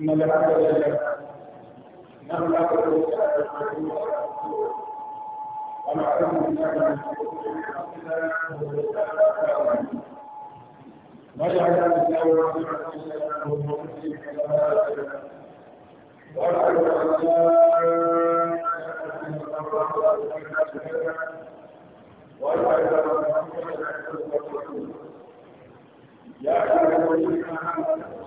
إن الحمد لله نحمده ونعوذ بالله من شرور أنفسنا نجعل الله رحمة لنا ومحسن لنا وأشهد أن لا وأشهد أن محمدا رسول الله يا أيها الذين آمنوا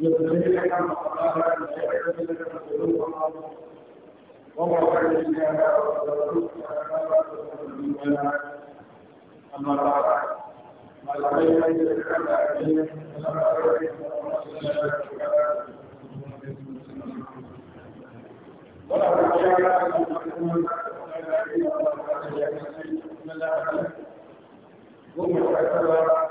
يبين لك مقامات ويعلم لك سلوكها ووضع الإسلام وتركت أما بعد ما لدينا أن يتكلم عليه فلا أعرف ولا رجاء أن يكون ثم اعتبر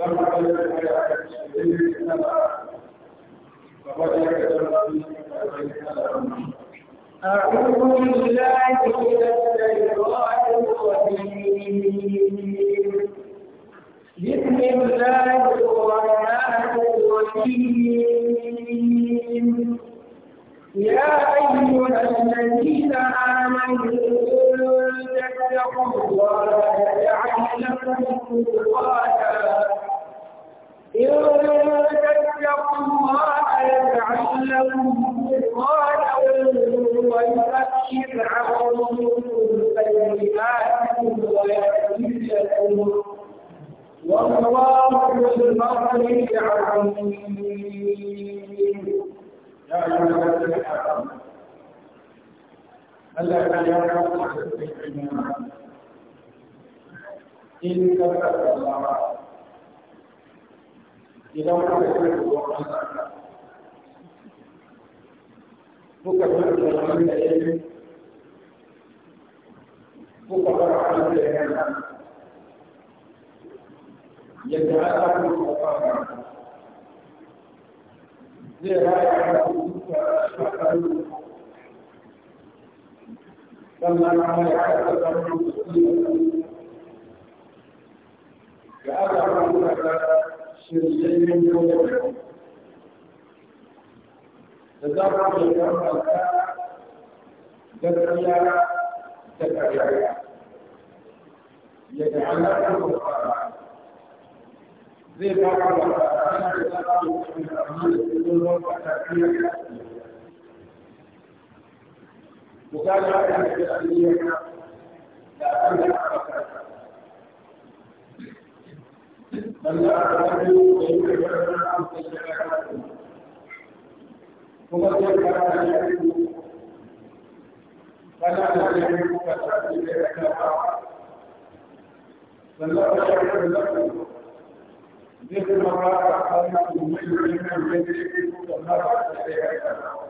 أعوذ بالله من الشيطان الرجيم بسم الله الرحمن الرحيم يا أيها الذين آمنوا واتقوا الله تتقوا الله يجعل لكم فرقانا ويكفر عنكم سيئاتكم ويهدي لكم والله ذو Allah ya ya kawo da cikin in ka tsara sama idan ka tsara da wannan kuka da wannan da yake kuka fara da yana yadda aka kuka fara zai raya da kuka fara لما العمل على أكثر من مسلمين كأبا ربك شرسين من قبلهم تدرج الأرض تدعي تدعي يجعلك القرآن ذي بعض الأحيان تدرج من الأرض تدرج تدعي وكان هذا الجاهلية لا أملك مكانها بل لا أعلم ويمكن أن أعلم من كان يعلم من يعلم كتابه من بل لا من لكم مثل من قال أحد من من من من من من من من من من من من من من من المؤمنين الذي من النار عليه من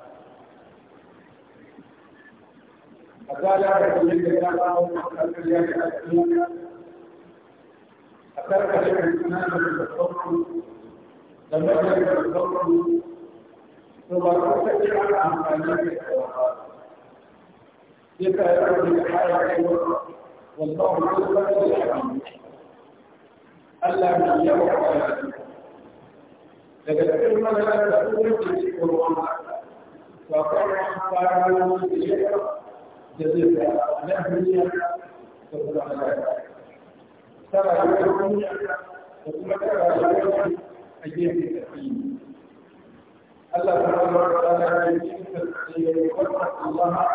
أتالا يقول لك يا الله أنك يا أخي أترك لك الإيمان بالتصور لم يكن بالتصور ثم تستطيع عن أمامك الصلاة كيف يكون الحياة والله عز وجل ألا من يوقع لقد علم لنا تقول في القرآن فقرأ قرآن الشيخ جديدة الأهلية تكون عليها ترى الأهلية تكون عليها أجيب التقييم الله سبحانه وتعالى يجيب التقييم واتقوا الله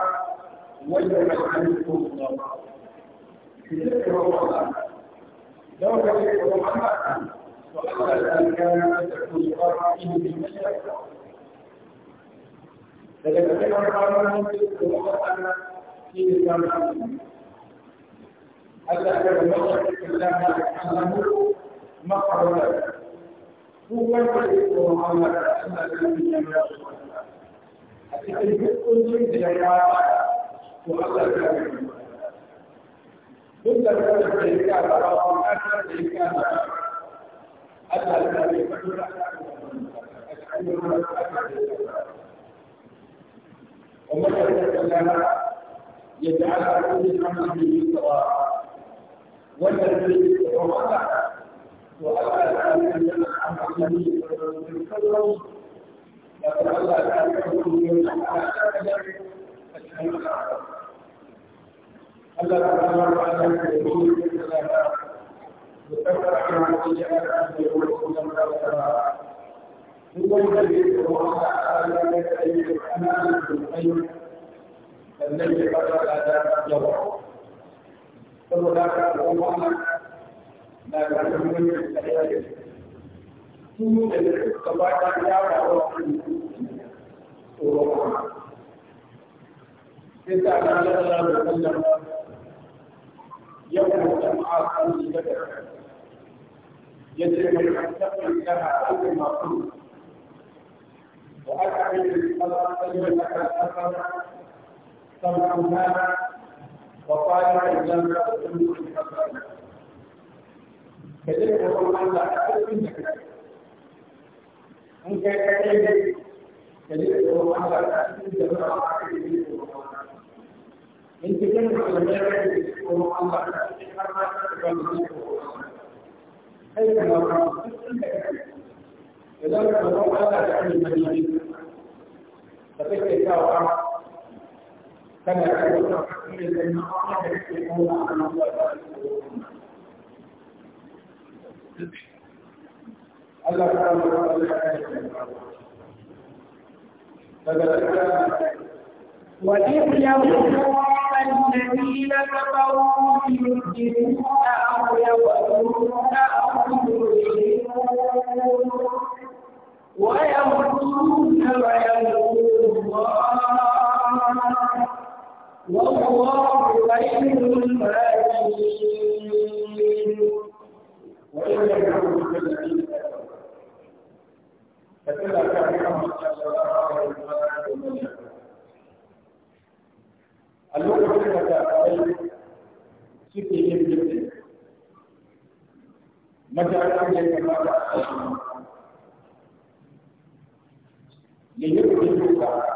ويجعل عنكم الله في ذكر الله لو كان محمد وقال الآن كان تكون قرآنه بالمشرق لكن كما قال الله في الإسلام حتى كان مصر الإسلام سبحانه مقر له هو يقول على أن الإسلام أتحدث كل جماعة وأخذ كامل كل ذلك يجعل كل عمل به سواء والذي وقع وأتى ذلك من العمل به فالفضل وتولى ذلك من الله تعالى وعلى يقول وتفرح عن سيئات ان يقول هو الذي وقع على ذلك الامان بالخير النبي قد هذا جواب فلولا الله لا يعلم من الحياة ثم قضاء الحياة وروحه إذا كان الله وسلم يوم الجمعة أن يدعو يجب أن تقل لها أمر مقصود وأكمل الصلاة لك الأثر kan amfana wa kwaya idan ka tafi da shi ka ba ka ka je ka ba Allah ka tafi da ka je ka ka ba ka tafi da shi ka ba ka je ka ba in ka je ka ba Allah ka tafi da shi ka ba ka je ka ba kai ka ba ka tafi da shi ka ba idan ka ba Allah ka tafi da shi ka ba ka je ka فلا يكون حكيما بين قاعدة يكون عن الله الله تعالى وإذ يقول الذين كفروا يسجدون أو يقتلون أو يشركون ويمكرون ويمكر الله والله خير الماكرين ويدعو ya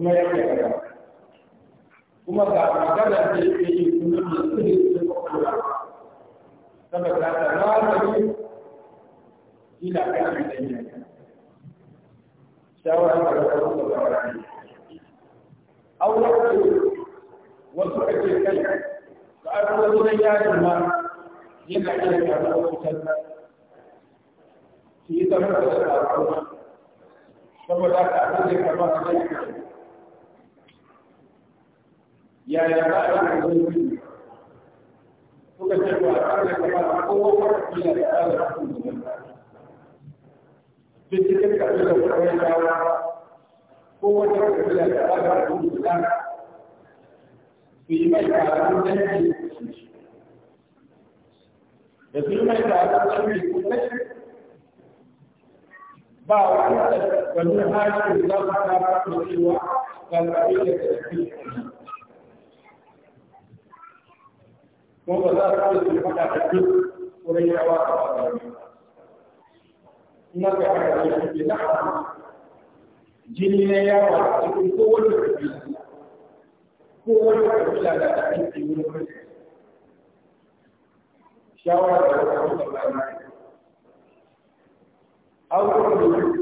kuma ya ke gaba kuma ga magana da yake yi kuma da su ne su ta kuma saboda ta ina kan da yake shawara da wasu da wani aure wasu ake kai ba a kuma zuwa yi ma yana iya karuwa wutar su yi zama da saboda ka abin da ya kamata da yake ya ya ba a wani zai suka ce ba a kan da kama kowa farko yana da tsara da kuma zumunta duk cikin kasu da kawai dawa kowa da wata kabila da tsara da kuma su yi mai taron dangi da su yi mai taron dangi ba wani da wani hajji da za su kama da cewa ga kabila da su ko ba za ka zo da faɗa da duk wurin yawa a ba ina ga haka ne ke da jini na yawa a cikin kowane kabila kowane kabila da ta yi wurin kabila shawara da wata wata bayan abubuwan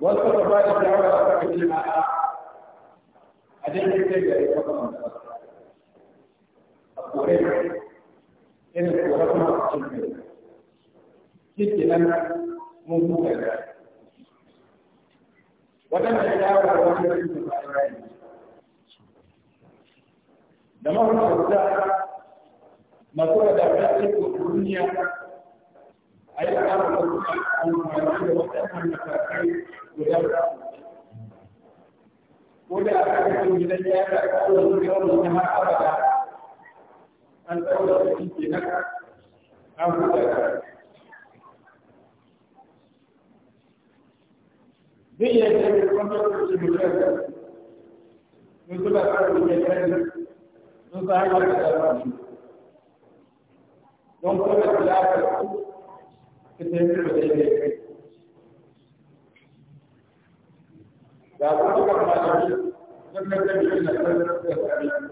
wasu ba da shawara a kan jama'a a daidai kai ga ya kwakwakwakwa kore irin kore kuma a cikin kai cikin nan mun buga da waɗanda ya wa wani da su ba rayu da mahukunta masu da ta ce ko duniya a yi ƙara wasu amfani da waɗannan matakai guda biyu ko da aka yi gidan yara ko da zuwa wani har abada an ɗaura da shi ke naka an huta da zai iya ce da kwantar shi mutum da mun zuba ƙarar da ke kan sun sa hanyar da ƙarfa don kuma da lafiyar ku ta tafi da daidai kai da kuma kamar da shi sun kasance da ƙarfi da ƙarfi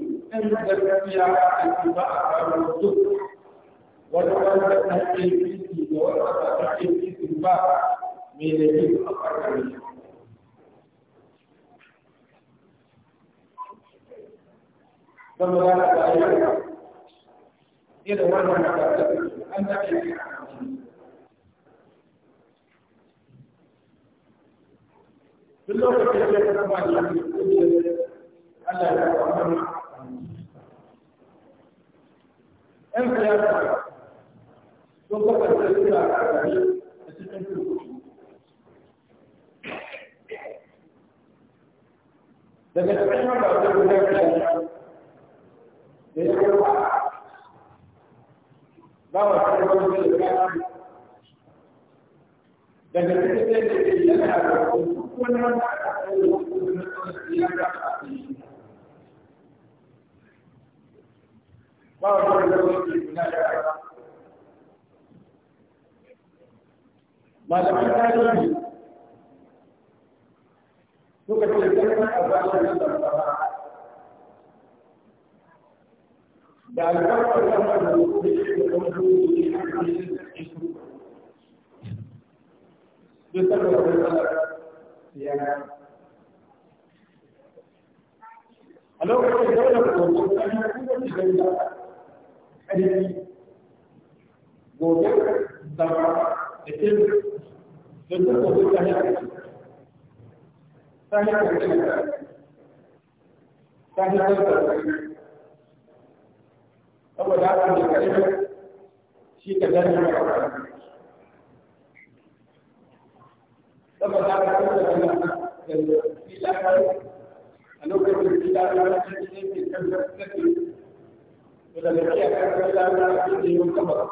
in gaskiya a ba a kawo duk wani wanda ta ke fiti da wanda ta ke fiti ba mai da yi a farkari. Zama za a ga yi irin wannan magana an ta ke Duk lokacin da ya zama da yi Allah ya zama ‘yan siyasa sun kafa da suna a gari a cikin kurkuku. Daga cikin wanda a cikin da ya kai ba, ba cikin da ya kai da ya kai yana ba wani da zai yi guna da ƙasa malamin tarihi suka ce kalmar azalin da ba da albarkar zama da wuri da wani a cikin cikin duk da wani siyana a lokacin daular kuma kuma kuma kuma kuma ƙarfi gobe zama da ke da duk wasu ta ƙarfi ta ƙarfi ta ƙarfi saboda haka ne ƙarfi shi ka gani na ƙarfi saboda haka kuma da da filayen a lokacin filayen da ke ƙarfi daga gaskiya karkar lana a cikin yiwu kamar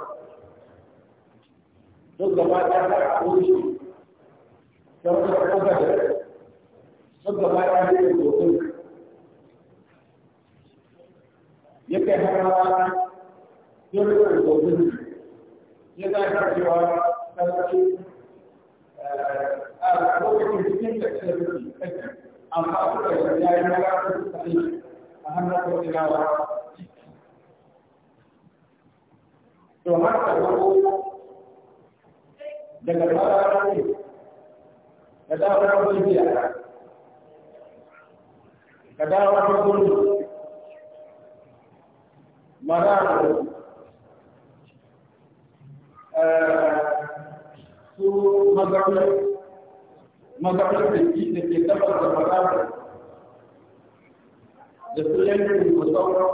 don gaba ta a koshi don karkar da don gaba ta da dokun ya kai harawa don rikon dokun ya za ta cewa karkar a lokacin cikin da ke rufi amma kuma ya yi mara a hannun kuma ilawa to haka daga fara ne ka dawo na gulbiya ka dawo na gulbi mararo eh, su magaunar magaunar da ke da ke tabar da mararo da su da sauran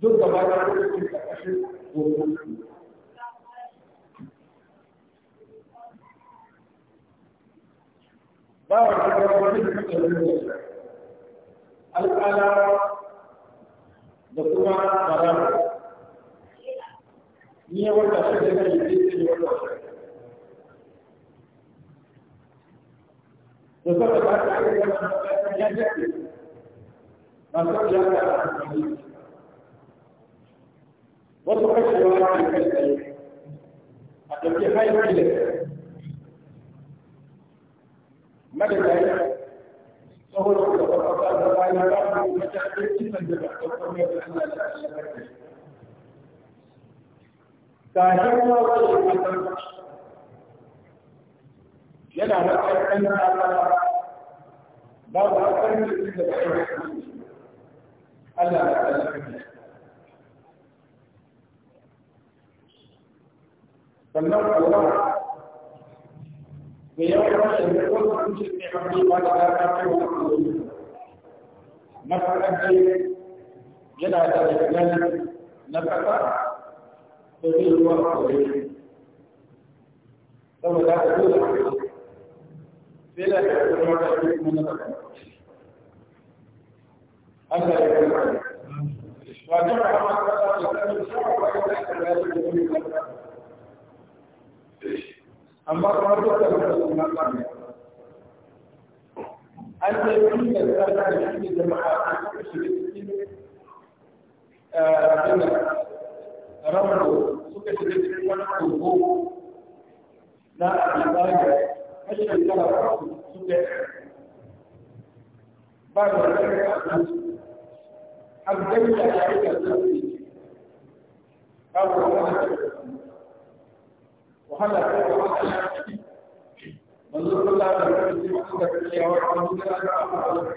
duk da ba da cikin bawa da wani da alƙala da kuma baramu ni ya wata shi da kan yi ce ne da saboda ta ta yi ya ce ba وتحشر عن كسبك أتبقي خير لك ماذا ذلك؟ سهل وتفقد الرأي بعض المتحدث من ذلك وقومي بأن لا أشبك تاهرنا والحمد yana da ƙarfin Allah ba ba ƙarfin da ba Allah ya tsallaka sannan kuma da yawan rashin da wasu kuncin ne mafi ba da ta kai wa kusurwa na farkon dai yana da dangane na kasa da zai ruwa kawai saboda da dole sai da ya kuma da shi kuma na kasa Allah ya kuma wajen da kuma kasa da kuma shafa da kuma da kuma da kuma amma kamar duk da mutum suna kame an ce yi da tsarka da shi ne jama'a a cikin shiga cikin abinda rambo suka shiga cikin wani kogo na alibaba kashe kala suka ba da wani abinci an gani da ya yi da tsarki babu wani abinci وهذا هو منظور الله تعالى في عندك الشيء وعندك الأمر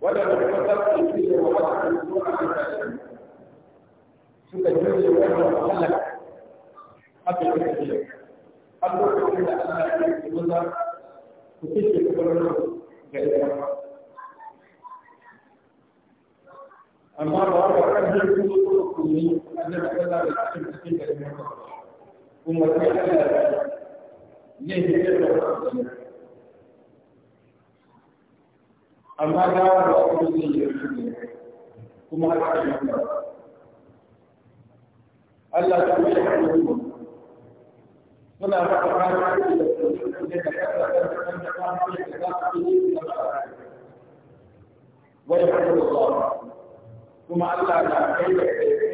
ولا تتفق فيه ولا تكون عن تجوز وأنه خلق قبل التكليف قبل التكليف أن يجوز وتشرك كل غير أما الرابع قد يكون كله annabi sallallahu alaihi wasallam cikin garin Makka kuma sai Allah ya yi da shi amma da ba ku zai yi kuma har ka yi Allah ta yi hannu suna maka fara da su da kasa da kan da kan da za su yi da ba wa yaqulu Allah kuma Allah na kai da kai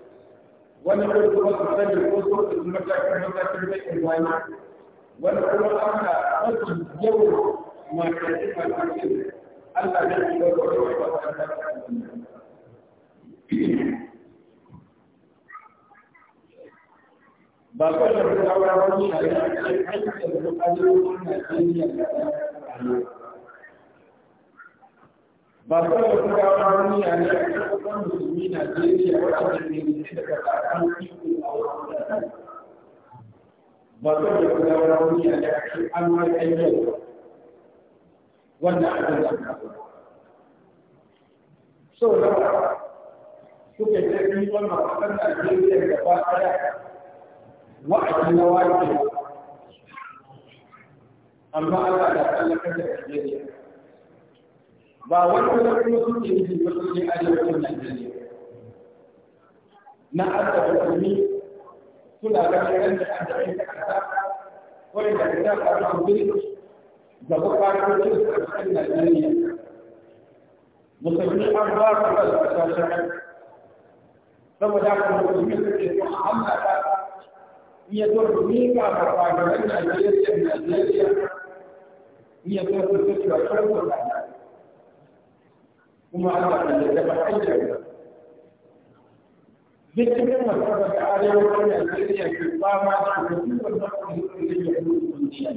wani kuma kuma su sani ko su su matakin matakin da ke wani wani kuma aka wasu yawan matakin matakin Allah ne ke wani wani wani ba kawai da kuma wani shari'a da ake da bukatun Najeriya a ta ba kawai ku ga wani a ne a cikin musulmi na Najeriya wanda ke ne daga kakan iko a wurin ba kawai ku ga wani a ne a cikin anwar ayyau wannan abin da ka so da suke da yi wannan kasar Najeriya gaba ɗaya wa'adi na wajibi amma Allah da Allah kada Najeriya ba wanda da kuma suke yi da suke arewacin Najeriya na arzaba kumi suna ga shirin da an da ita kasa wani da ita kasa kudi da bukatocin sassan Najeriya musulmi an ba su da sassan saboda kuma musulmi suke so a amma ta iya zo da mika ga kwanarin Najeriya Najeriya iya zo da suke da kwanwa kuma Allah kan da ba aikata duk cikin masarfa ta arewacin Najeriya ke fama da hukumar da kuma hukumar da kuma kunciya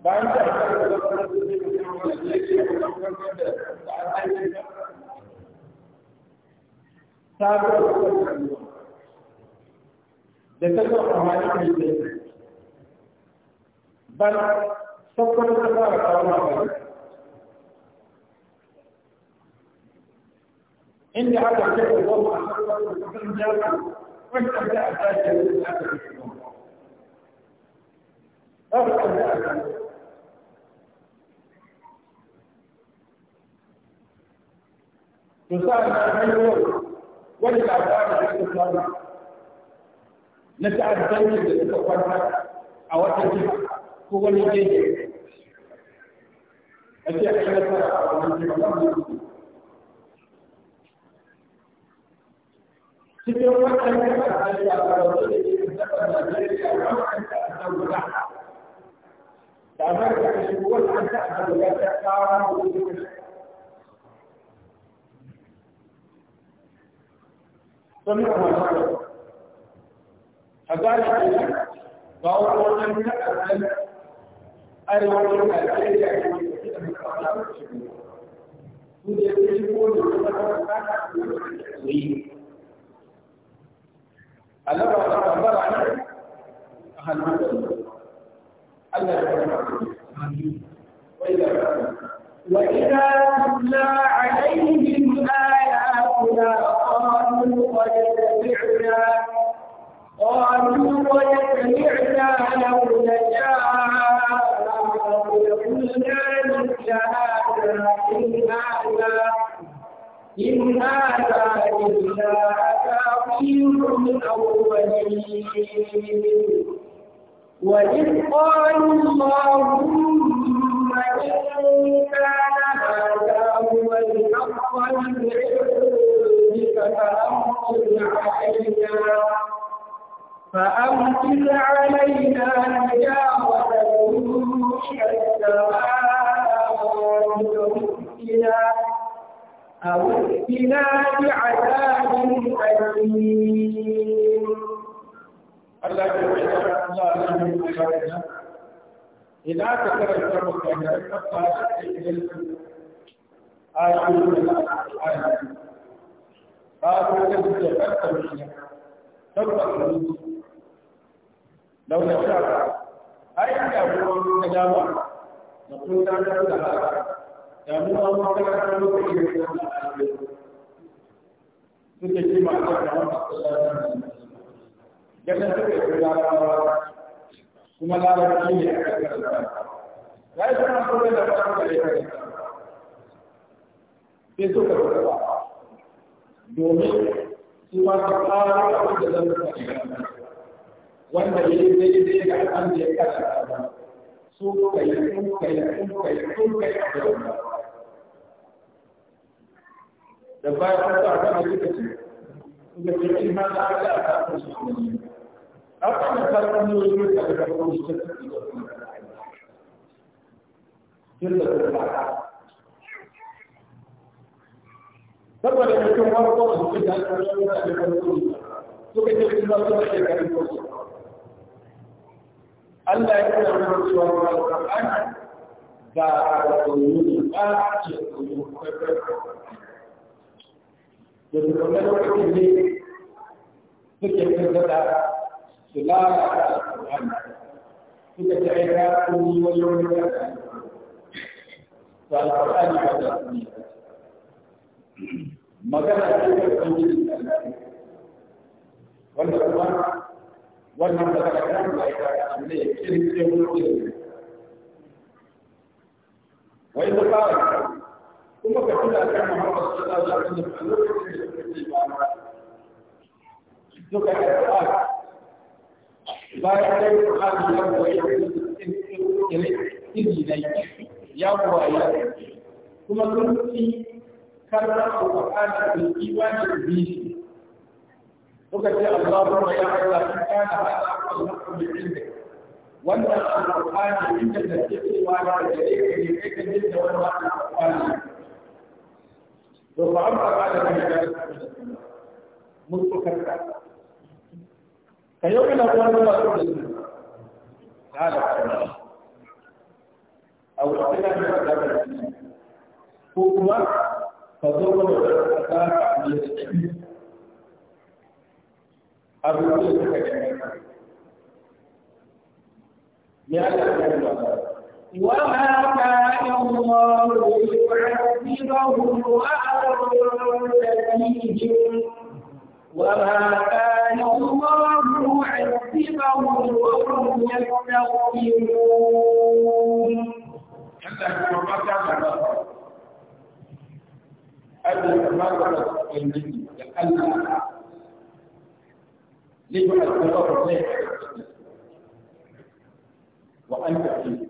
bayan ta fara da kuma hukumar da kuma da al'ayyuka ta zo da kuma da ta zo a hannun da بل سقط الكفارة كما قلت إني أتى كيف الله أحببت بكفر جاما واستمتع ذلك بالله أستمتع ذلك تساعد على الحلول وللعذاب الاستقرار نسعد ذلك لتتوفر او تجد هو الذي cikin wannan damar da ka shigo wannan ta abubuwa ta kawo sannan wani a gane ba wani wannan ta abubuwa arewacin Najeriya ne su da su shi ko da su kasa su yi. Allah ba ta tambara ne a hannun Allah ya kwanta. وإذا تتلى عليهم آياتنا قالوا قد سمعنا قالوا قد سمعنا لو نشاء قلنا للشهادة إن هذا إن هذا إلا أساطير الأولين وإذ قالوا اللهم إن كان هذا هو الحق من عندك فأمطر علينا فأمسل علينا يا ya rahmi Allah ya rahmi Allah ya rahmi Allah ya rahmi Allah ya rahmi Allah ya ya rahmi Allah ya rahmi Allah ya rahmi Allah ya rahmi Allah ya rahmi Allah ya rahmi Allah ya rahmi Allah ya rahmi Allah ya rahmi Allah ya rahmi Allah ya rahmi Allah ya لو يشاء أي يقول كلامه نقول لا نقول هذا يقول الله تعالى نقول suke ce ma ta kamar masallacin ganin suke fi larabawa kuma larabci ne a ƙasar da ya yi suna kuma da ba su kare kare sai suka rubuta domin su ma su ƙara abin da zan rubuta wanda ya yi daidai ga an da ya kasa ba su kai sun kai sun kai sun kai da wanda da baya ta sa ta mai kace da ke cikin ma a aka ta ta su ne haka ne farkon ne da ka ga shi ta ci da su kin da ta saboda mutum farko da suka ta ta da farko suka ce sun zama da shekarun farko Allah ya kira mana cewa Al-Qur'an ba a koyi ba ce koyi da kuma lokacin ne suke kirkata su lalata Al-Qur'an suka ta aika koyi wani wani kasa da Al-Qur'an ba ta koyi magana ce ta koyi wanda kuma wannan ba ta kan da ya ne kin ce mu ne wai da ba kuma ka tuna kan Muhammad sallallahu yi wasallam lokacin da kake ba ma duka ka ba ah. bayan da Qur'ani ya koyi in in ne ya koyi kuma kun ci karɓar da imani da bishi suka ce Allahumma ya Allah in kana hada Allah bi wannan alqur'ani inda da ke cewa da gare ne kai ka da wannan alqur'ani to fa amma ba da kai da ka kayo kana wannan ba da su hada أو أتنا بأدابة ko kuma ka zo mana da ƙasa a cikin الرسول سكت وما كان الله ليعذبهم وأنت فيهم وما كان الله معذبهم وهم يستغفرون أجل ما رأت ليعذبه ليه وأنت فيه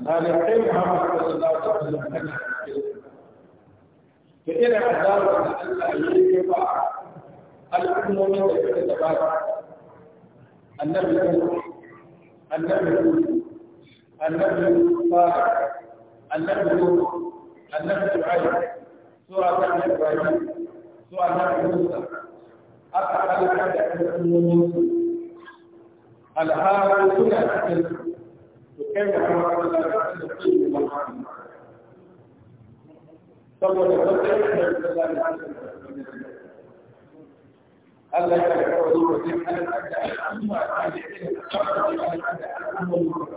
الآن يقيم محمد صلى الله عليه وسلم أنه فإن عذاب الله يجب العمومية التي تتبعها النبي النبي النبي صالح النبي النبي عيسى سورة ابراهيم سورة موسى aka halaka da kalmomin su alharan suna cikin su kai da kuma Allah da su da mahani saboda wata yankin da za a yi Allah ya kawo zuwa cikin al'adda al'amma ta da irin tsarki al'adda al'amma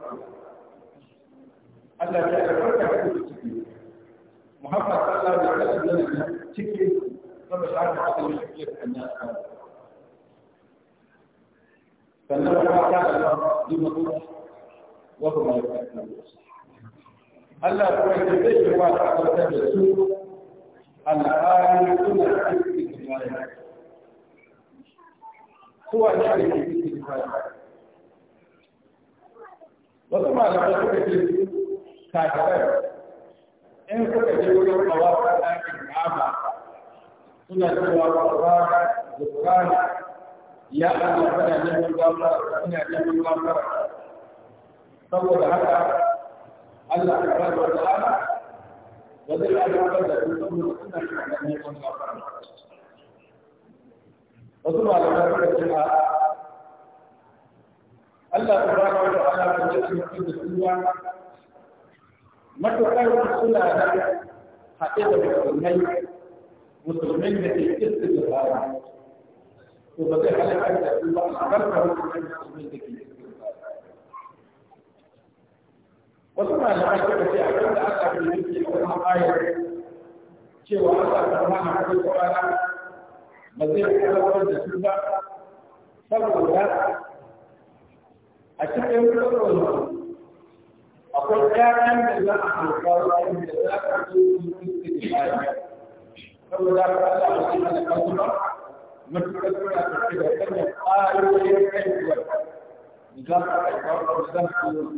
Allah ya kawo da cikin Muhammad sallallahu alaihi wasallam cikin Wasu malamai suka ce, "Ta in suka ce wurin kawo ɗakin suna cewa gafara gafara ya Allah kana neman gafara ina neman gafara saboda haka Allah subhanahu wa ta'ala ba zai ba da su saboda suna neman gafara wasu malamai suka ce ba. Allah subhanahu wa ta'ala ba zai azabtar da su ba suna da haɗe da musulmai مسلمين في الاستغفار وبدأ على هذا الله عبرته من المسلمين في الاستغفار وثم على هذا في أعلم أن المسلمين في الحقائق شيء وأن الله عز وجل مزيد على وجه السبع فضل ذلك أشياء يقولون أقول يا أن الله عز وجل من تكون في الاستغفار saboda ka Allah ya ce mana kalma mutuka suna tafi da kanya ƙwayoyin aikiwar za ka aikwata da zan su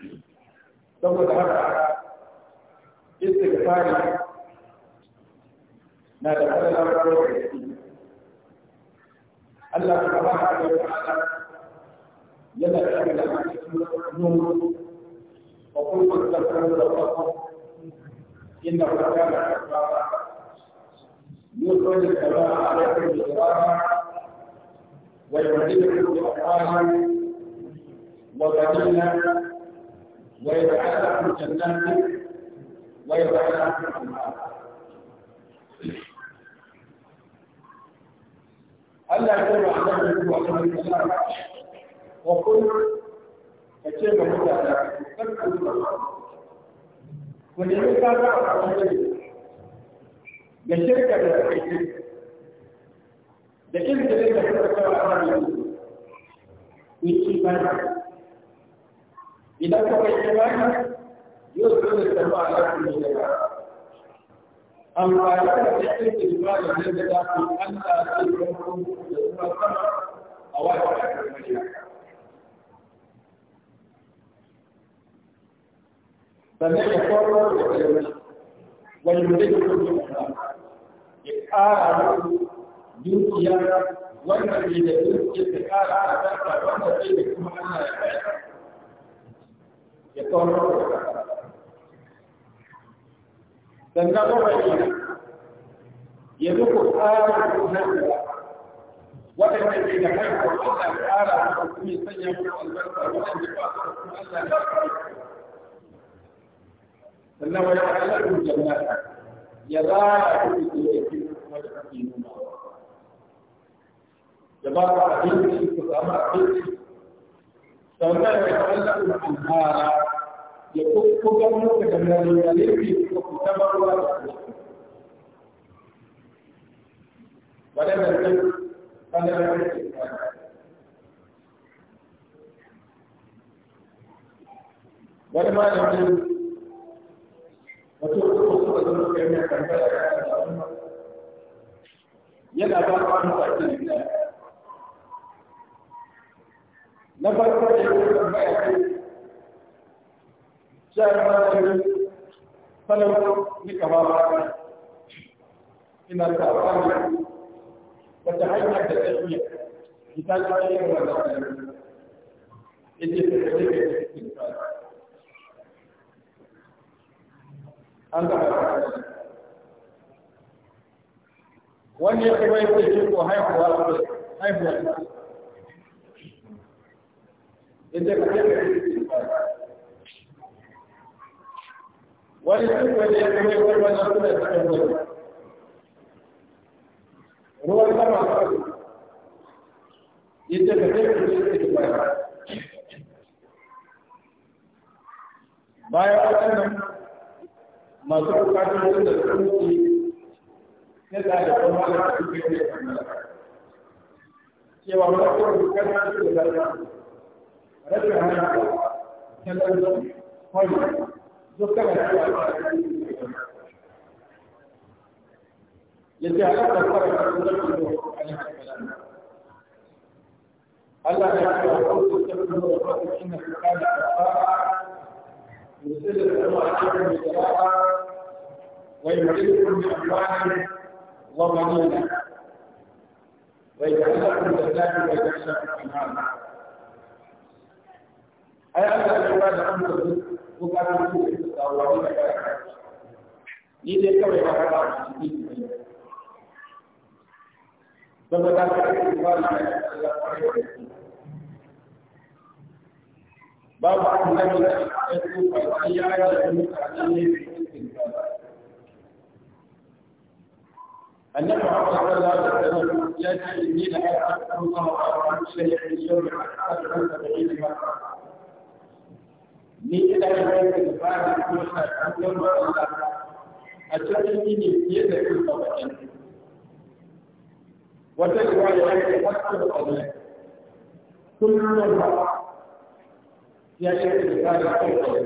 yi saboda haka istighfari na da kalalar kawai Allah subhanahu wa ta'ala yana da kalalar kawai وقلت استغفروا ربكم إنه كان كفارا يخرج كما عليكم بسرارا ويعذبكم بأقوالا وبنينا ويجعل لكم جنات ويجعل لكم أنهارا Allah ya ba a zama zuwa kamar kasar wa kuma ku nemi kaza a samu gari da shirka da kai da izinin da suka kawo a ranar yake bana idan ka bai kira yau zai da tafi a lafi ne daga amfani da yake kirma da zai da dafi an da zai da kuma sama a wata ƙarfi sannan ya kwarar da kwayoyi wani da ya kuma ya ƙara dukiya wanda ke da dukiya ta ƙara a ƙasa wanda ke da kuma ana ya ƙaya ya kwarar da kwayoyi sannan kwayoyi ya zuku ƙara dukiya waɗanda wani da haihuwa Allah ƙara da kuma sanya mu albarka waɗanda ba su kuma Allah ya sannan wani Allah ya rubuta ya za a rubuta ya fi kuma da kake nuna da ba ka abinci ku samu abinci sannan ya Allah ya alhara ya kukkuga muka da lalalaiki ko ku taba ruwa da ku wani da ku kana da ku wani malamin wato ko suka zo suka yi tambaya yana ba ku amsa ta gida na farko da yake tambaya ce sai ma ta yi ni ka ba ina ta fara wata hanya da ta iya ita ta yi wannan ita ce ta ke cikin fara an gaba da ya kai yake ce ko haihuwa ko haihuwa inda ka kai wani sun wani yake kai wai wani suna cikin wani ruwan sama inda ka kai wai ce ko haihuwa bayan waɗannan masu bukatun wanda da kuma na da da kuma da su ke da cewa ba ko bukatun su da da rabbi hana sallan da hoyi dukkan da ce a kan fara da da Allah ya ce wa kullu tafsiru wa kullu inna fi qalbi يسلم له عبدا بثلاثه ويملككم باموال وبنين ويجعل لكم جنات ويجعل لكم انهارا اي ان العباد امر وكانوا في التساوي ni dai kawai ba ka ba shi ne saboda ka ba ni da Allah babu an da ke ƙarfi a ya da mutane ne annabi Muhammad sallallahu alaihi wasallam ya ce ni da aka kuma wa shay'in yawm al-akhir ni ina yin da ba da kuma ta kan Allah a cikin yini fiye da kuma bakin wata riwaya ya ce wasu da kullum ba ya shirya da kare kai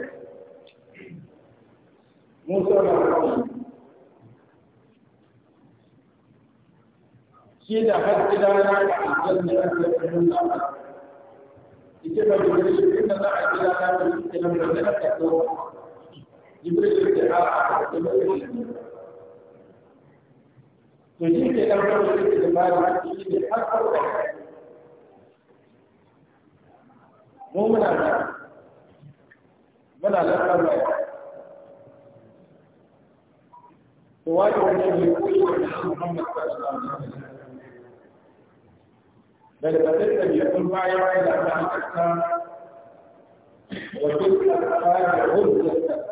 Musa na kawai. Shi da har gida na ka aljanna da ce ka nuna ba. Ike ba da za a gida na ka yi kiran da na ka kawo. Jibril ya ce a a To shi ke ɗan kawai shi da kare kai shi ne har kawai. Mu muna da yana da ƙarfi وواجب محمد صلى الله عليه يكون معي إلى أن الإسلام وتلك الأخبار غرزة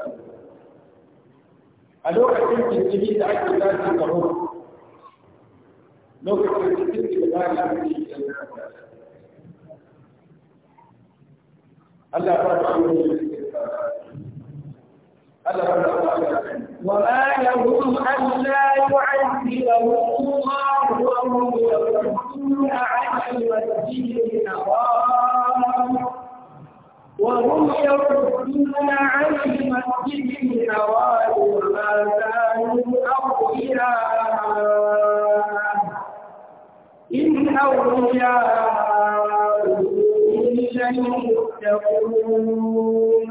ألوك تلك الجديد عكس ذلك الظهور لوك تلك تلك الغالي الله أكبر وما لهم ألا يعذبهم الله وهم يصدون عن المسجد الحرام وهم يصدون عن المسجد الحرام وما كانوا أولياء إن أولياء إلا المتقون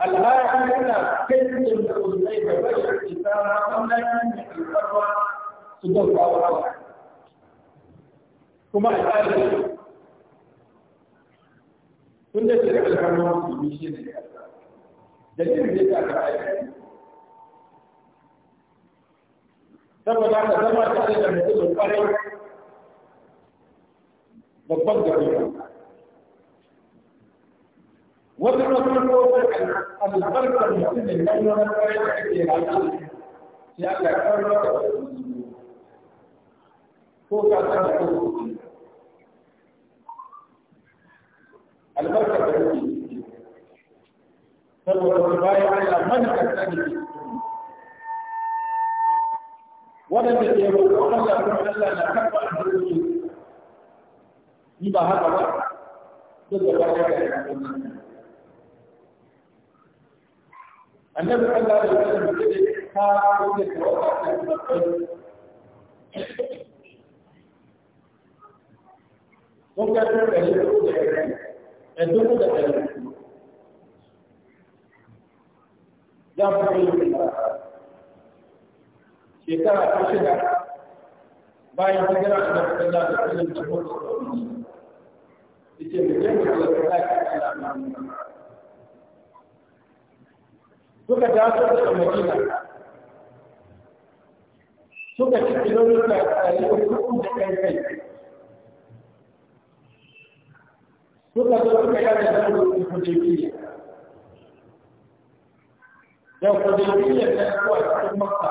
الآية هنا كلمة الأذنين بشر إذا رأى لكن الحرة صدق أو روح كما قال tun da shirka da hannun musulmi shi ne dalilin da ya ta aiki saboda ka zama tare da mutum kwarai babban gari وتقول الفرق المسلم بين الفرق الكثير لأن الفرق هو الفرق الكثير فهو الرواية على من الثاني ولم يقل الله ألا نحب أن نقول يبقى هذا وقت ضد الواقع annabi Allah da wannan mutum ka ko da tawakkal kun ga tun da shi ko da ya duk da ya ya fi yi shekara ta shida bayan hijira da Allah da Allah da Allah da Allah da Allah da Allah da Allah da Allah suka taso daga madina suka ci kilomita a yi da kai kai suka zo suka yi da zan rufe kujebiya da kujebiya ta zuwa cikin makka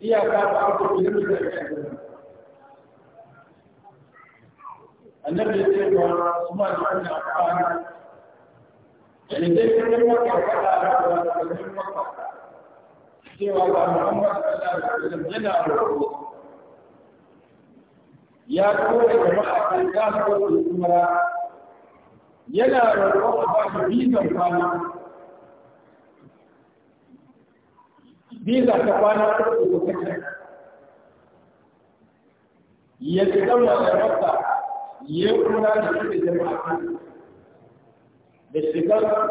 iyaka ta aka kilomita da kai annabi ya ce wa Usman ibn Affan يعني زي كل مرة كذا كل مرة سوى الله محمد صلى الله عليه وسلم غنى يا كل جماعة كان كل الأمراء يلا روح بعد بيزا كان بيزا كان كل يتكلم عن ربك يقول لك جماعة بالذكر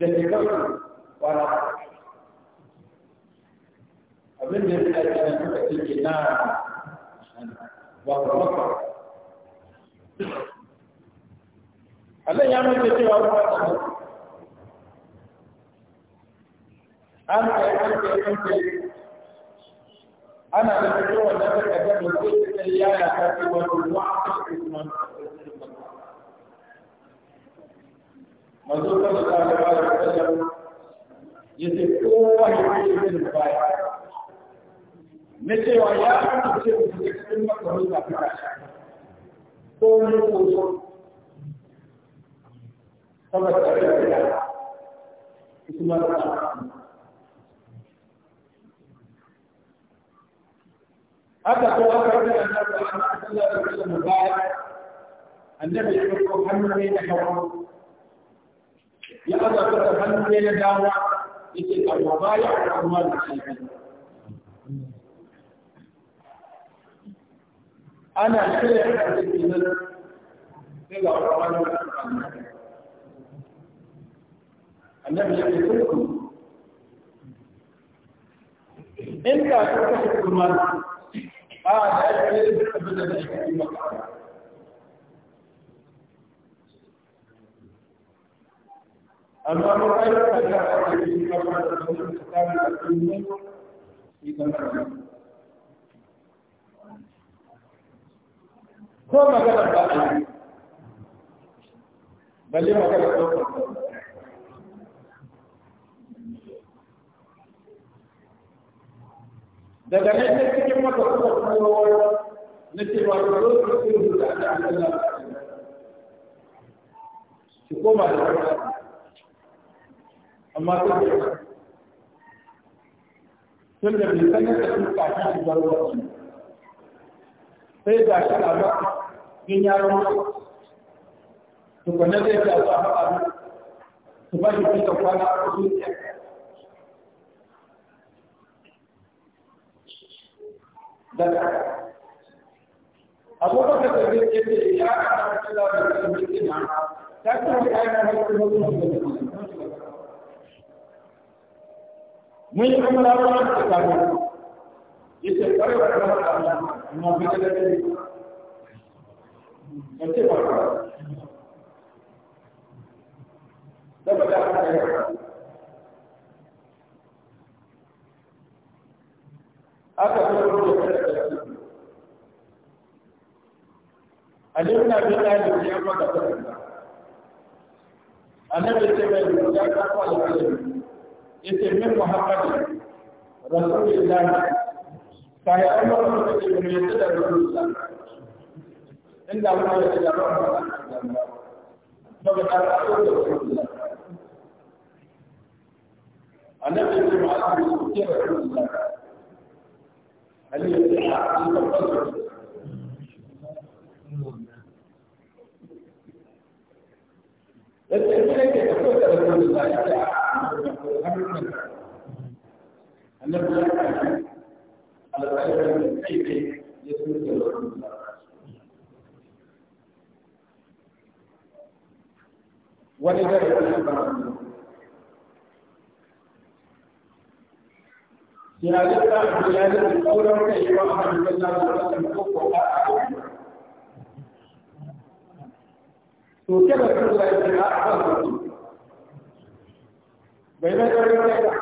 بالذكر ولا أبن الذين نفت الجنان وقربك Allah ya mace cewa ruwa da mutu. An kai an kai an kai ana da cewa da ta kaga da zai ta yaya ta ce wani ruwa a cikin manzo sallallahu alaihi wa ya yace kowa ya yi da baya na cewa ya ce ku ji cikin makarin da kuka ko ne ko so saboda kariya kuma haka ko aka rubuta annabi sallallahu alaihi wa sallam baya annabi ya ko hannu ne da hawa ya aza ta hannu ne na dama yake karwa baya a ramuwa da shi ana shirya a cikin nan sai ga ramuwa da shi annabi ya ce kurkuku in ka kashe kurma ba da ya ce abin da ya ce maka amma ko ayyuka da aka yi shi kamar da sun tsari a cikin shi kamar ko magana ba a Da balle magana ɗaukar daga nan ta cikin maka kuma kuma na cewa ko zo ake da aka yi ki koma da wani amma sai da tun da bai sanar da su kafin shigar sai ga shi a ba in ya rumu tukunna zai ta zuwa haɗa su ba shi cikin kwana a kusur daga abubakar da zai ce ya ana kula da mutum ta kuma kayan hankali na zuwa da mutum mun yi amara ba da ta kawo yace kare da Allah amma ba da dai ba ce ba da ba da aka zo da Ali ibn Abi Talib ya faɗa annabi ce mai ya kafa alƙalami yace min muhammad rasulullah sai Allah ya ce mun yace da rasulullah inda Allah ya ce da rasulullah saboda Allah ya rasulullah annabi ya ce ma Allah ya ce rasulullah هل يستحق أن تقصر لكن هناك تقصر رسول الله annabi ya kashi alƙalar da kai ya sun da wani da ya ba ya da ta ya da sauran kai ba a hannun da ta ko ko a to kada ka zai da a kan bai da kai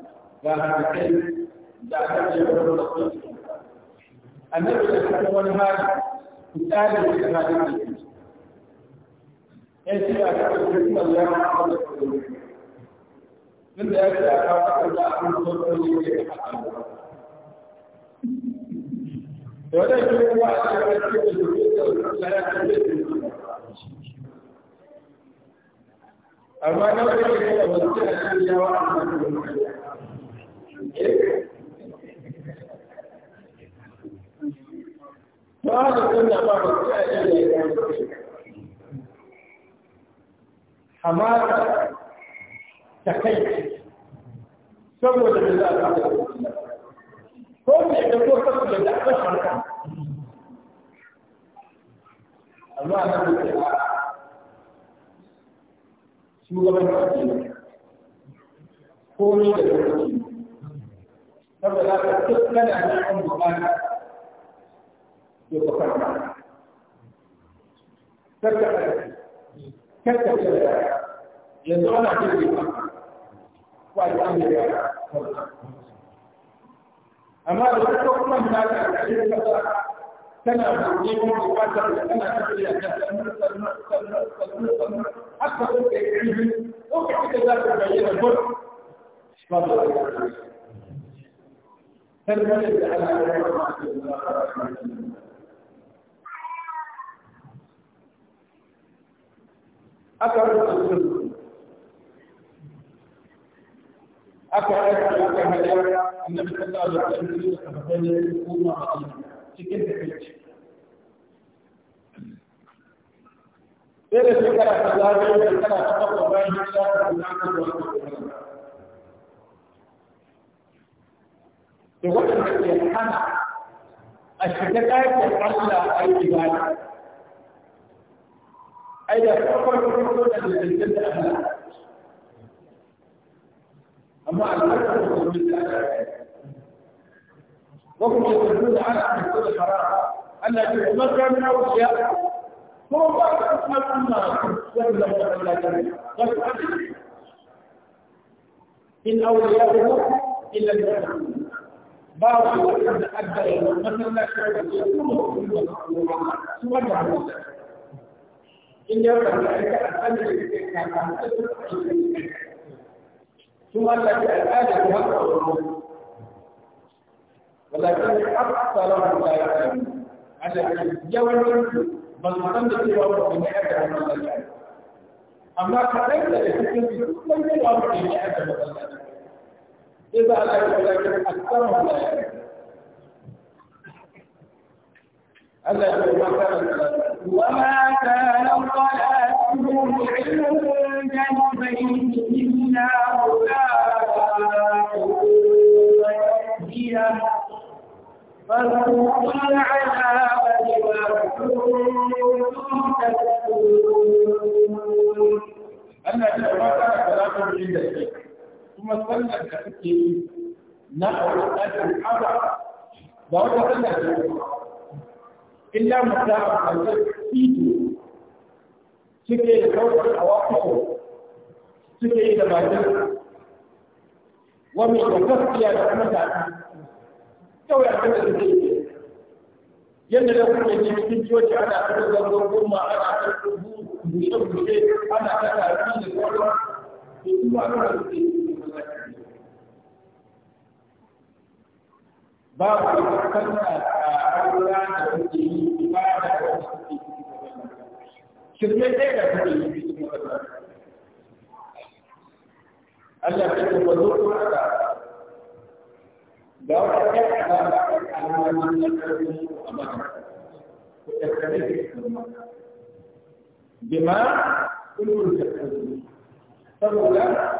ga harkai da harkai da wani annabi da kuma wani hali ku tsari da hali da ke yanzu ya kawo kuma ya a da kuma tun da ya ce a kawo da kuma da kuma da ya kawo da wadda ke kuma a cikin da ke da kuma ya kawo kuma amma na wani ne da wasu a cikin yawa a cikin da ba da sunna ba ba su a iya hamata ta kai saboda da za a ko me da ko saboda da aka shanka amma a nan da shugaban da ake da lokaci saboda ka duk kana cikin bukata to ka farka karka karka ce da yanzu ana cikin ba ko a cikin da ya amma da duk kuma da ka cikin kasa kana buƙatar kuma bukatar da kana cikin da ka sanar sanar sanar sanar haka kuka yi ilimi lokacin da za ka bayyana gudu ba da aka rufe sun aka aika aka hajjara annabi sallallahu alaihi wasallam da kafafai kuma a cikin takaici sai da shekara ta zagaye shekara ta bakwai ke hana a shiga ɗakin Allah a yi ibada. Ai da farkon farko da lalacin da Allah. Amma albarkar da kuma da Allah. Ko kuma da kuma da ana a cikin da fara. Allah ce kuma kan na wuciya. Ko ba ka kuma kuma wani zama da Allah ta ne. Ba su haɗu. In aure ya zama illa da ba su wanda aka yi masallacin da su kuma hukumar su wanda hausa in yau da a al'adar da ke kaka a cikin su wanda ke al'adar da haka wani ولكن أكثر من ذلك أن يوم بلغتن cewa wani ya ga wannan amma kaɗan da cikin su kuma ne ba ya ga wannan إذا لا يعلم أكثرهم لا يعلم وما كان صلاتهم عند البيت إلا مكاء وتسبية فذوقوا العذاب بما كنتم تكفرون أن الجماعة عند البيت kuma sallar da suke yi na aure ɗakin kaba ba wata sallar da yake illa mutum a kwanzar ido suke da kawar a wakowo suke yi da bakin wani da gaskiya da kuma zaɓi kawai a kan da suke yi yadda da kuma ne cikin coci ana kan zangon goma ana kan bushe-bushe ana kan da sauran da kuma kan da suke yi babu kalma a aura da kuke yi ibada da kuke yi shirme da kuke yi cikin Allah ya ce ba zo ku haka ga wata ɗaya da alamomin na ƙarfi a mata ku tattare da kuma bima kullum tattare saboda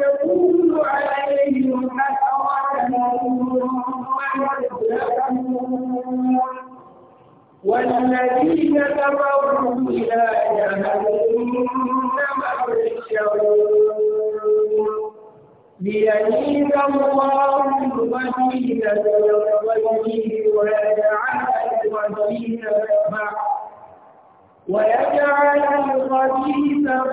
تكون عليهم حسرة والذين كفروا إلى جهنم يحشرون ليميز الله الغني والغني ويجعل الغني ويجعل الغني بعض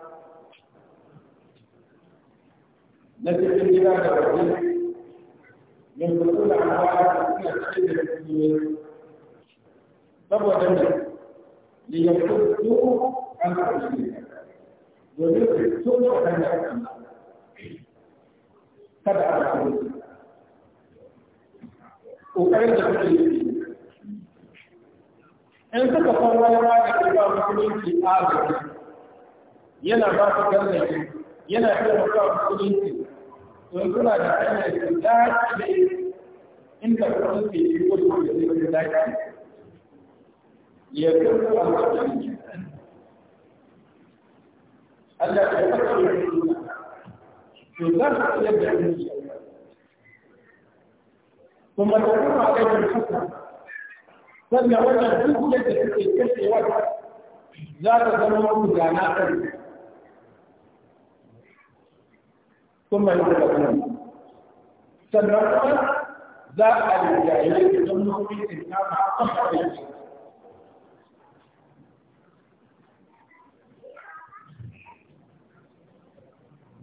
نزل الجبال والريح ينفقون أموالهم في سبيل المسلمين فبدنا ليصدوا عن سبيل domin su sun yau kan da kan kada a rasu ƙoƙarin da suke yi in suka san wani ma da kuma musulunci adalci yana ba su gannaye yana taimaka musulunci don suna da hanyar da dace inda kuma ke yi wasu da zai da dace ya kuma a wajen Allah ya fara da suna to za su iya da yanki kuma da kuma a kai haka sannan wannan duk yadda suke kashewa za ta zama mutu gana yi. ثم يغلبون سنرفع ذا الجاهلية تملك بالإسلام حقا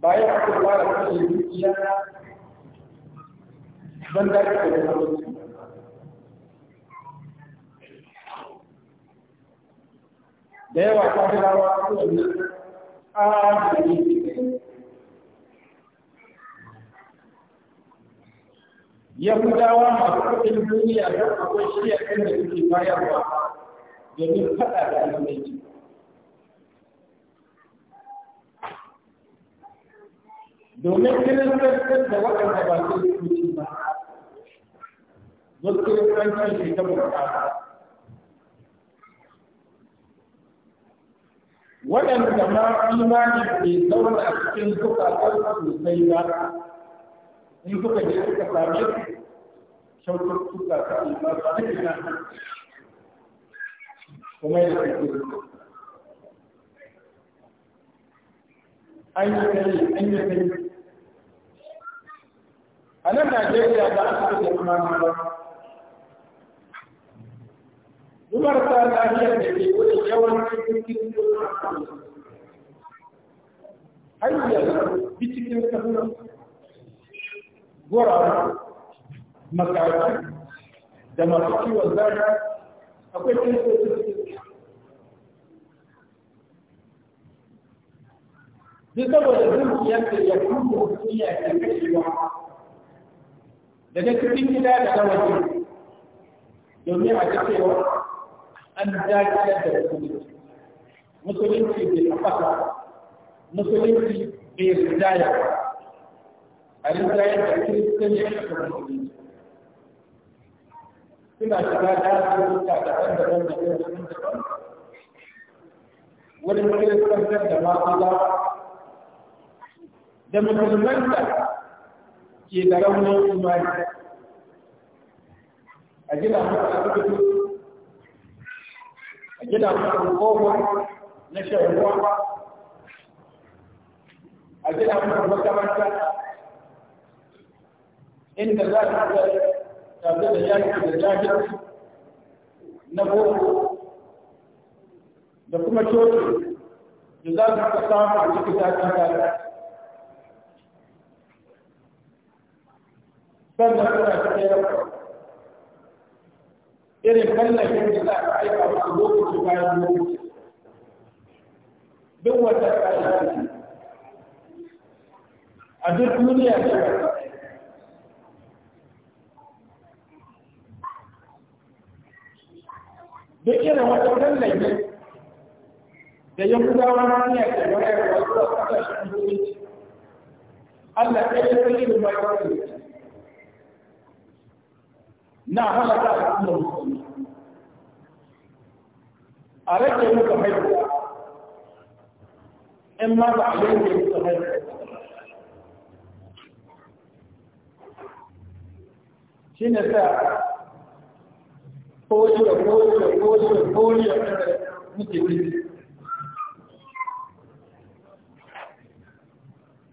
بايع عبد الله رضي الله من ذلك da yawa kafirawa su wannan a da yahudawa masu kudin duniya don akwai shirya kan da suke bayarwa domin faɗa da musulunci domin kiristantar da waɗanda ba su rubuci ba wasu kiristantar shi ta bukata waɗanda ma imani bai zauna a cikin zukatar sosai ba in kuka je kuka kyaututtuka ta kuma yana kake an yi an yi kai a nan najeriya da a fi da kuma ba Zubar ta lafiyar da ke wuce yawancin cikin har yanzu cikin kasuwa gurare makaci da masu ciwon zara akwai kinsoci duk saboda dukiyar da ya kuma duniya ke kashewa daga cikin gida da waje domin a cewa an dakilar da musulunci musulunci bai tafasa musulunci bai rijaya a yi tsayin da kiristan ya kasar musulunci suna shiga dajin da daban daban da irin sun daban wani kiristan da ma'ula da musulman da ke da raunin imani a gina musu asibiti a gina musu kowa na shan ruwa a gina musu makaranta inda za ka ga tafi da yaki da jajir na boko da kuma coci da za ka ka samu a cikin zafin gada sannan kuna cikin yawa irin kallafin da za ka aika wasu lokaci bayan lokaci duk wata ƙarfi a duk duniya da duk irin waɗannan laifin da ya fi zama hanya da wayar wasu a ƙasashen duniya Allah ya yi kan irin wayar na halaka a cikin musulmi a rage muka haihuwa in ma ba a yanke muka haihuwa shi ne sa polio polio polio polio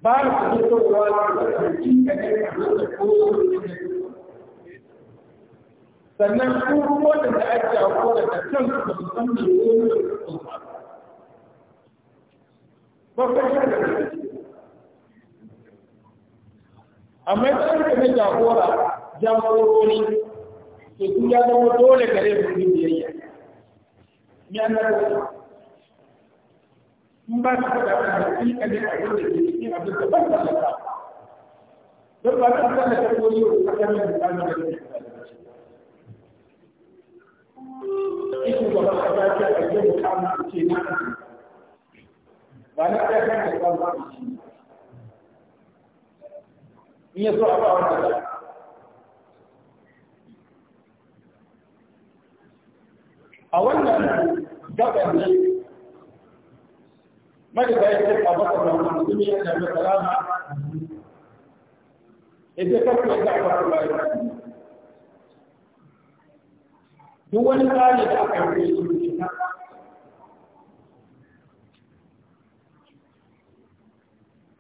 ba su da ka ne a da polio sannan kuma wanda da ake hako da kasan da su san da polio ba ku shi da jagora jagorori to su ya zama dole gare su yi biyayya ni an nan in ba su faɗa da hankali ka a abin da ke cikin abin da ban da laka don ba ta faɗa da koyi wa kasar da ta da ke Ikin gaba a zafi a yi mutane a ce na ba na ɗaya kan da ba za a ci. In ya a ba wani a wannan gabar ne madaba ya tafi a masa da mutum ya tafi salama idan ka ya ga ba duk wani tsari da aka yi shi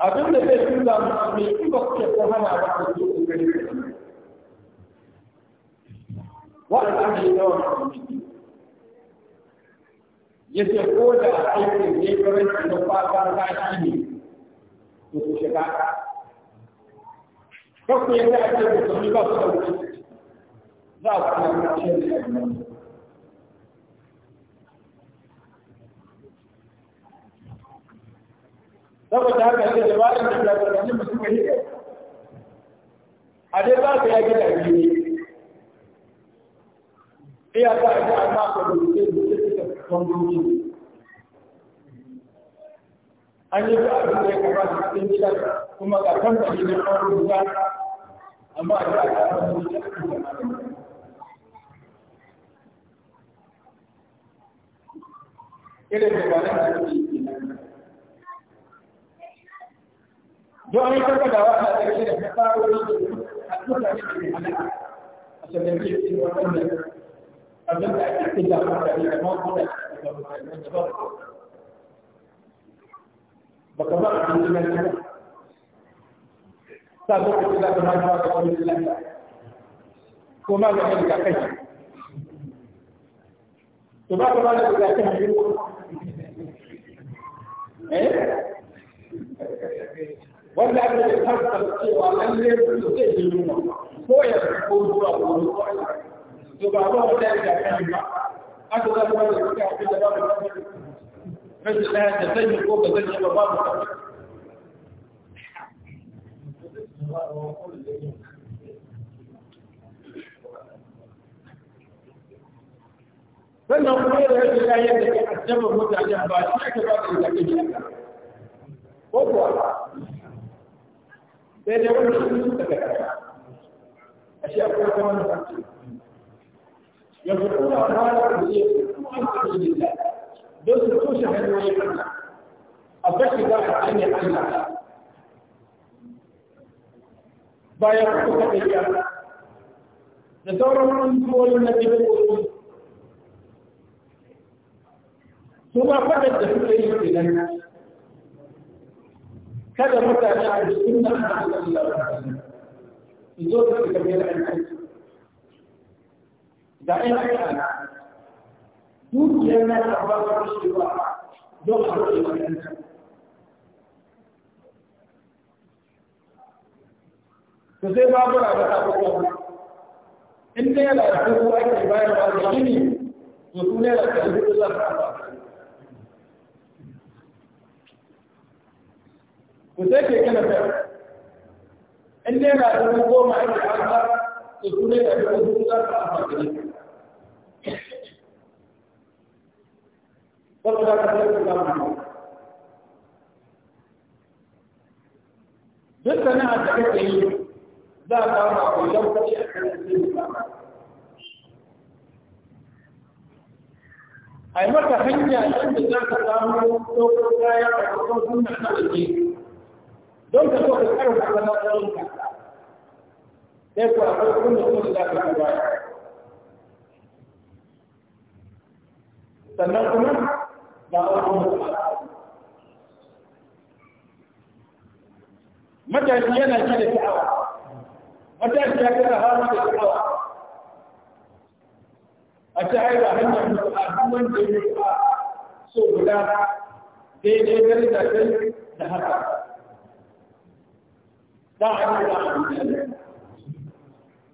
abin da zai tura musu ne in kuke ta hana ba ku zo ku gani wa'anda yace ko da aikin ne karanci na fata ta shi ne to ku shiga kakku yadda ake da ba su da za a kuma wuce da yanzu saboda haka yake da ba da jagoranci mutum ga hiyar a dai ba ka yaki da biyu iya ba a ji amma ka rubuce kwamfutu an yi da a da ya kama cikin gidan kuma ga kamfani na kwamfutu amma da aka kama cikin gidan irin da ba nan da ke don da da ke da kasarori a tsoka ne a a sanar da ke wannan abin da ake da da da da da da da wanda aka yi tabbata cewa lalle zai yi ko ya ko zuwa ko to ba ba wanda ya aka da suka abin da da da yi da da ke addaban mutanen ba shi aka ba da rigakafin ko kuwa sai wani shi suka ga a shi akwai kamar da يبقون أموالهم بإذن الله دول توشة هنوية الله الضحي قاعد عني عن الله بايعوا تقيا نتورم من قول النبي بالقول ثم فقد تفكير في لنا كذا متى شعب السنة عن الله يزور في كبير عن الله da ina na don sai babura da ta in dai yana da kuma ake bayarwa da gini to su ne da kalli da za ta ku sai ke kana ta in dai yana da kuma goma ake bayarwa to su da kalli da za ta fara فلا تفرق الله معه جدا أنا أتكلم لا ترى لو تشكل أي متى حنجة أنت ذاك الأمر تقول لا يقول سنة خلقي دون تقول الأرض على نظر كيف أقول كل كل ذاك الأمر سنة matashi yana ci da sha'awa matashi ya kada hannu da sha'awa a ta haira hanyar mutu'a da ya ba so guda daidai gari da kai da haka da hannu da hannu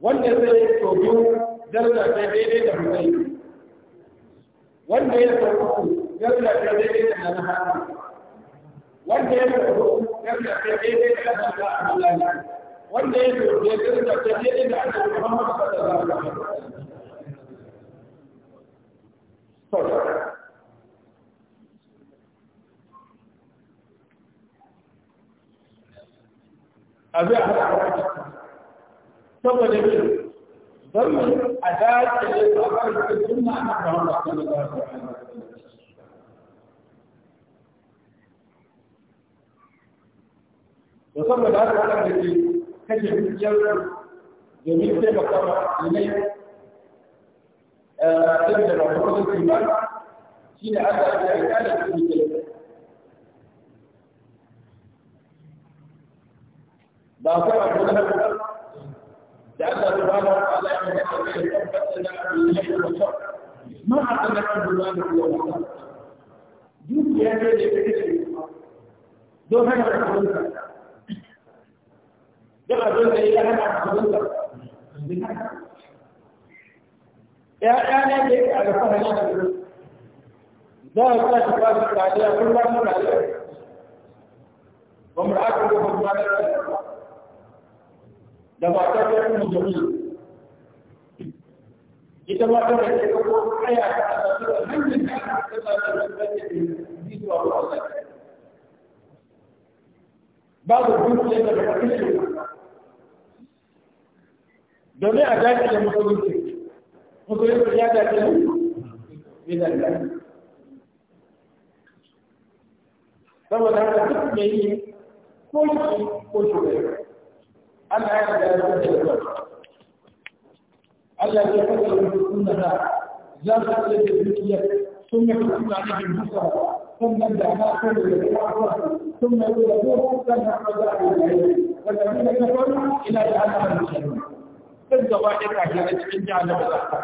wanda zai so biyu daraja daidai da mutane wanda ya so uku دولة تبدأ لها wanda ya rubu yadda ta daidai da aka ga Allah wanda ya rubu ya dinka ta daidai da aka ga Muhammad sallallahu alaihi wasallam to abin a haɗa saboda ne don a dace da tsabar da suna ana kama da kuma da da saboda haka waɗanda ke kashe dukiyar domin taimaka ma ilai inda ba kuma sun ba shi ne Allah ya yi kada su ke ba ku ba ku da da Allah subhanahu wa ta'ala ya yi kada su tabbata da ilai da shar ma a Allah subhanahu wa ta'ala dukiyar da ke kashe don haka da kuma كما قلت إلى أنا حضرتك يا أنا ليك على فهنا ده كان فاضي عليها كل ما عليها ومرأته ومرأته ده ما كان من جميل إذا ما كان يقول حياة على طول من كان بعض الجنود يقدر يكتشف domin a dace da musulunci musulunci ya dace da bidan saboda haka duk mai yi ko shi ko shi bai Allah ya da ya da Allah ya fada da sunna da za su ce da dukiya sun yi sunna da bin musa sannan da na kan da ya fara sun mai da ko kan da ka da ya yi wanda ina da Allah ne duk gaba ɗaya kafirai cikin jihar da ba za ta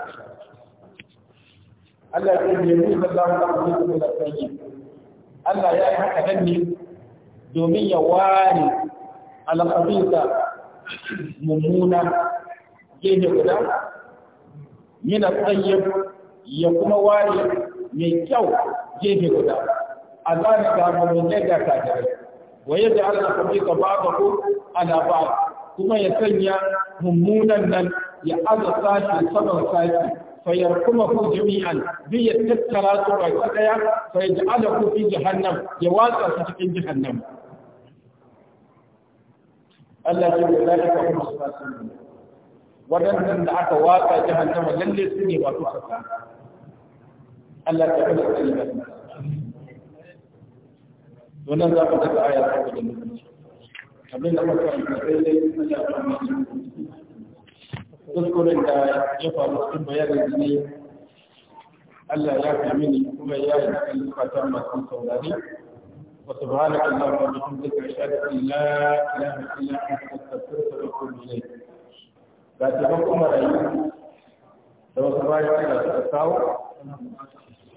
Allah ya ce ne mu da za mu da mu da sanyi Allah ya yi haka nan ne domin ya ware alƙabisa mummuna gefe guda yana tsayyar ya kuma ware mai kyau gefe guda a tsarin kamar mai ga kafirai wa yadda Allah kabisa ba ku ana ba kuma ya sanya mummunan nan ya aza sashi sama sashi fayar kuma ku jami'an bi ya tattara su baki daya fa ya ja'ala ku fi jahannam ya watsa su cikin jahannam Allah ya yi zalika kuma su waɗannan da aka watsa jahannama lalle su ne ba su kasa Allah ta kula da wannan za ku ta aya ta da mutunci abin da muka yi sai dai na jafar masu kuskuren da ya faru cikin bayanin jini Allah ya fi mini kuma ya yi cikin lukata masu saurari wa subhanaka Allahumma wa bihamdika ashhadu an la ilaha illa anta astaghfiruka wa atubu ilayk da ta kuma rayu da wasu bayan da suka kawo